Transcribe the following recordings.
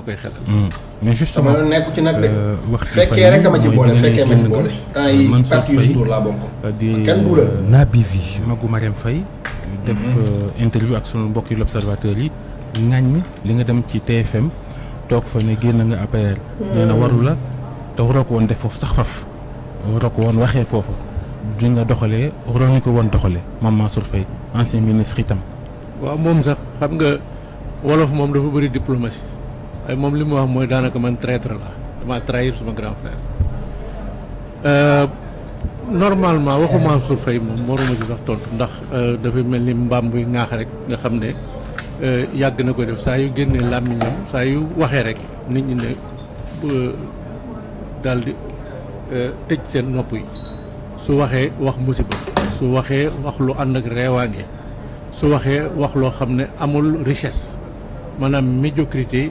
na koy xelal. mais justement sama yoon nekku ci nag de. fekkee rek ma ci boole fekkee ma ci boole. temps yi parti Youssou Ndour laa bokk. di kenn duula Naby Vi magu Marème Faye. def interview ak sunu mbokk yi l'observateur yi. ŋaññi li nga dem ci TFM toog fa ne génn nga APR. nee na waru la te waroo woon def foofu sax faf waroo woon waxee foofu. di nga doxalee waroon ko woon doxalee moom Mansour Faye ancien ministre itam. waaw moom sax xam nga wolof moom dafa bëri diplomatie. moom li mu wax mooy daanaka man traître la dama trahir suma grand frère eh, normalement waxu Mansour Faye moom waruma ci sax tontu ndax eh, dafay mel ni mbaam buy ŋaax rek nga xam ne eh, yàgg na ko def saa yu génnee làmmiñam saa yu waxee rek nit ñi ne daal di tëj seen nopp yi su waxee wax musiba su waxee wax lu ànd ak reewaange su waxee wax loo xam amul richesse maanaam médiocrité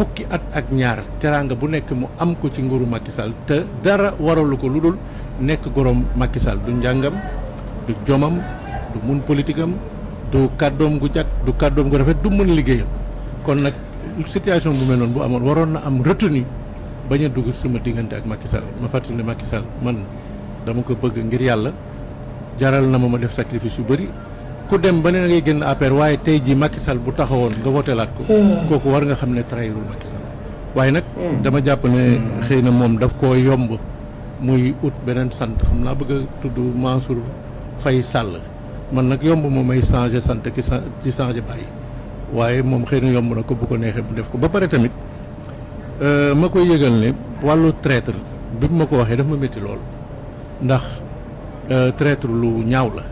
fukki at ak ñaar teraanga bu nekk mu am ko ci nguuru Macky te dara waralu ko lu dul nekk gorom Macky du njàngam du jomam du mun politikam am du kàddoom gu jag du kàddoom gu rafet du mën liggéeyam kon nag situation bu mel noonu bu amoon waroon na am retenu bañ a dugg suma diggante ak Macky Sall ma fàttali ne man dama ko bëgg ngir yàlla jaral na ma ma def sacrifice yu bëri ku dem ba ne da ngay génn APR waaye tey jii Macky bu taxawoon nga woteelaat ko. Ah. kooku war nga xam ne trahirul Macky waaye nag. Hmm. dama jàpp ne hmm. xëy na moom daf koo yomb muy ut beneen sant xam naa bëgg a tudd Mansour Faye Sall man nag yomb moom may changé sant ki ci changé bàyyi waaye moom xëy na yomb na ko bu ko neexee mu def ko ba pare tamit euh, ma koy yëgal ne wàllu traître bi ma ko waxee daf ma métti lool ndax euh, traitre lu ñaaw la.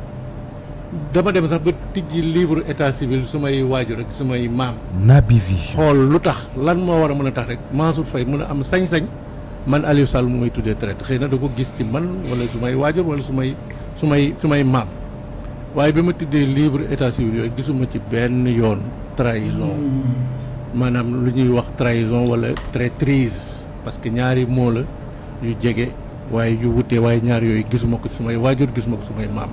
dama dem sax ba tijji livre état civil su may waajur ak su may maam. Naby Vision xool lu tax lan moo war a mën a tax rek Mansour fay mën a am sañ-sañ man Aliou Sall mu may tuddee traite xëy na da ko gis ci man wala su may waajur wala su may su may su may maam waaye bi ma tiddee libre état civil yooyu gisuma ci benn yoon trahison maanaam lu ñuy wax traison wala traîtrise parce que ñaari moo la yu jege waaye yu wutee waaye ñaar yooyu gisuma ko ci sumay waajur gisuma ko sumay maam.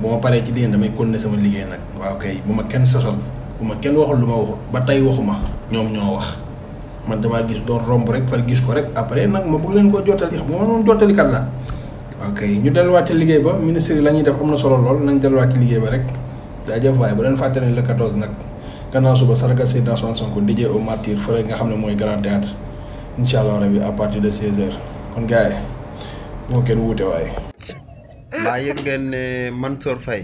bu ma paree ci diggante damay continuer sama liggéey nag waaw kay bu ma kenn sosol bu ma kenn waxul lu ma waxut ba tey waxuma ñoom ñoo wax man damaa gis doon romb rek far gis ko rek après nag ma bëgg leen koo jottali xam nga jottalikat la waaw ñu delluwaat ci liggéey ba ministre yi la ñuy def am na solo lool nañ delluwaat ci liggéey ba rek daa jëf leen fàtte ne le 14 nag gannaaw suba sargal Seydina Ousmane Sonko DJ au martyr fële nga xam ne mooy grand théâtre incha allah rabi à partir de 16h kon boo kenn wuute waaye mbaa yëg ngeen ne man Mansour fay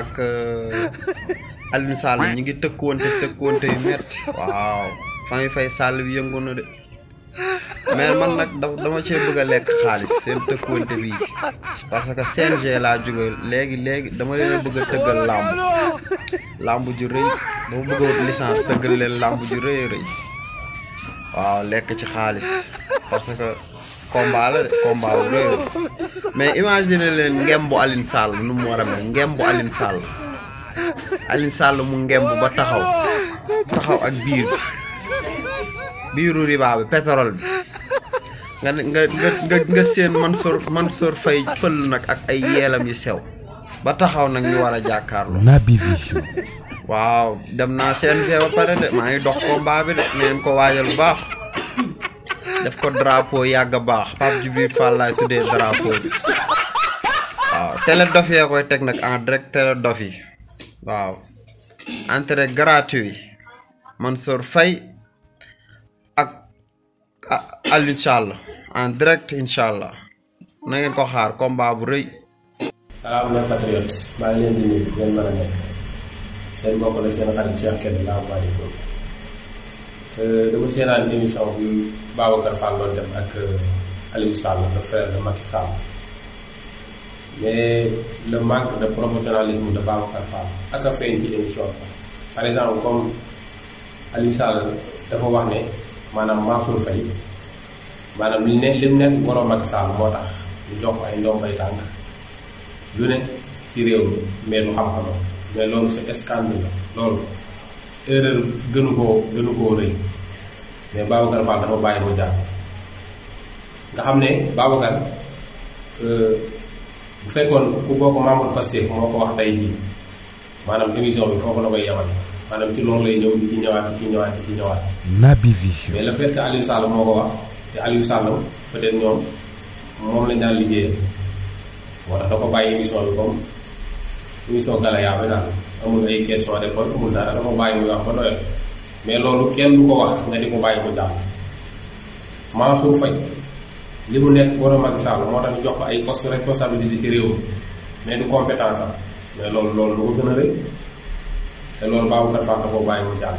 ak euh, Alioune bi ñu ngi tëkkuwante tëkkuwante yu metti waaw Fami fay Sall bi yëngu na de mais man nag dama cee bëgg a lekk xaalis seen tëkkuwante bii parce que CNG laa jóge léegi léegi dama leen bëgg a tëggal làmb làmb ju rëy dama bëgg a wut licence leen làmb ju rëy rëy waaw lekk ci xaalis parce que combat la de combat bu rëy mais imagine leen ngembu Aline Sall nu mu war a mel ngembu Aline Sall Aline Sall mu ngemb ba taxaw taxaw ak biir bi biiru riba bi bi nga nga nga nga seen Mansour Mansour Faye fël nag ak ay yeelam yu sew ba taxaw nag ñu war a jàkkaarloo. Naby Vision. waaw dem naa CNG ba pare de maa ngi dox combat bi de neen ko waajal bu baax def ko drapeau yàgg baax Pape Djibril Fall laay tuddee drapeau bi waaw télé dof yaa teg nag en direct dof yi waaw entrée gratuit Mansour Faye ak Aliou Sall en direct incha allah na ngeen ko xaar bu rëy. salaamaaleykum seen mbokk la seen xarit Cheikh Kébé laa bari ko dama seeraan émission bi Babacar Fall doon def ak Aliou Sall le frère de Macky Sall mais la manque de professionnalisme de Babacar Fall ak a feeñ ci émission par exemple comme Aliou Sall dafa wax ne maanaam Mansour Faye maanaam li ne li mu nekk borom Macky Sall moo tax ñu ko ay ndombay tànk lu ne ci réew mais du xam-xamam mais loolu c'est scandale la loolu erreur gënu koo gënu koo rëy mais Babacar Fall dafa bàyyi ko jàpp nga xam ne Babacar euh, bu fekkoon ku bokk membre Pastef moo ko wax tey jii maanaam émission bi foofu la koy yemal maanaam ci loolu lay ñëw di ci ñëwaat di ci ñëwaat di ci ñëwaat. Naby Vision. mais le moo ko wax te Aliou Sall lañ daan liggéeyal moo ko bàyyi émission bi comme. muy soog dala yaabe daal amul ay question réponse ba doyal mais loolu kenn du ko bàyyi mu jàll Mansour Faye li mu nekk war a Macky Sall moo tax ñu jox ko ay poste responsabilité ci réew mais du compétence am mais loolu loolu ko gën a rëy te loolu Babacar Fall da koo bàyyi mu jàll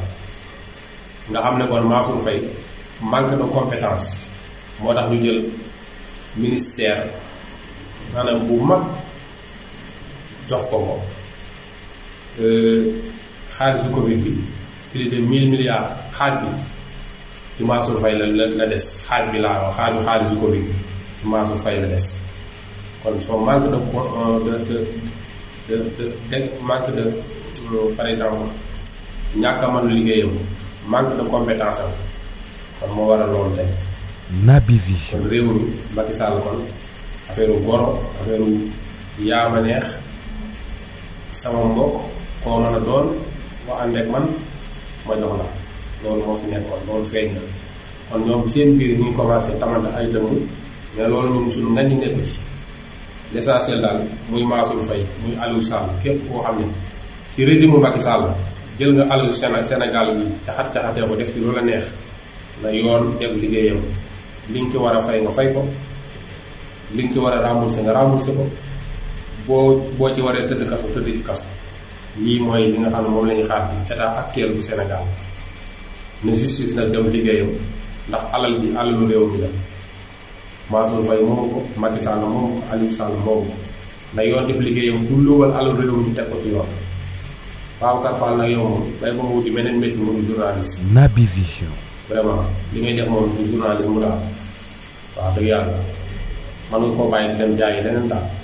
nga xam ne kon Mansour Faye manque de compétence moo tax ñu jël ministère maanaam bu mag jox ko moom xaalisu Covid bi plus de mille milliards xaal bi ci maasu fay la la des xaal bi laa wax xaaju xaalisu Covid bi ci Mansour Faye la des kon soo manque de de de de de manque de par exemple ñàkk a mën liggéeyam manque de compétence am kon moo war a loolu tey. nabi Vision kon réew mi Macky Sall kon affaire goro affaire yaa ma neex. sama mbokk koo mën a doon ma ànd ak man ma jox la loolu moo fi nekkoon loolu feeñ na kon ñoom seen biir ñu ngi commencé tamante ay dëmm mais loolu ñun suñu nga ñu nekk ci l'essentiel daal muy Mansour Faye muy Aliou Sall képp koo xam ne ci régime Macky Sall jël nga alalu Sénégal bi caxat-caxatee ko def ci lu la neex na yoon def liggéeyam liñ ci war a fay nga fay ko liñ ci war a remboursé nga remboursé ko boo boo ci waree tëdd kaso tëdd ci kaso lii mooy li nga xam ne moom la ñuy xaar ci état actuel bu senegaal ne justice nag dem liggéeyam ndax alal ji alalu réew mi la Mansour Faye moomu ko Macky Sall moomu ko Aliou Sall moomu ko ndax yoon def liggéeyam du luwal alalu réew mi teg ko ci wuti beneen métier mu journaliste. Naby vraiment li ngay def moom du journalisme mu daal waaw dëgg yàlla mën nga koo bàyyi dem jaayi leneen daal.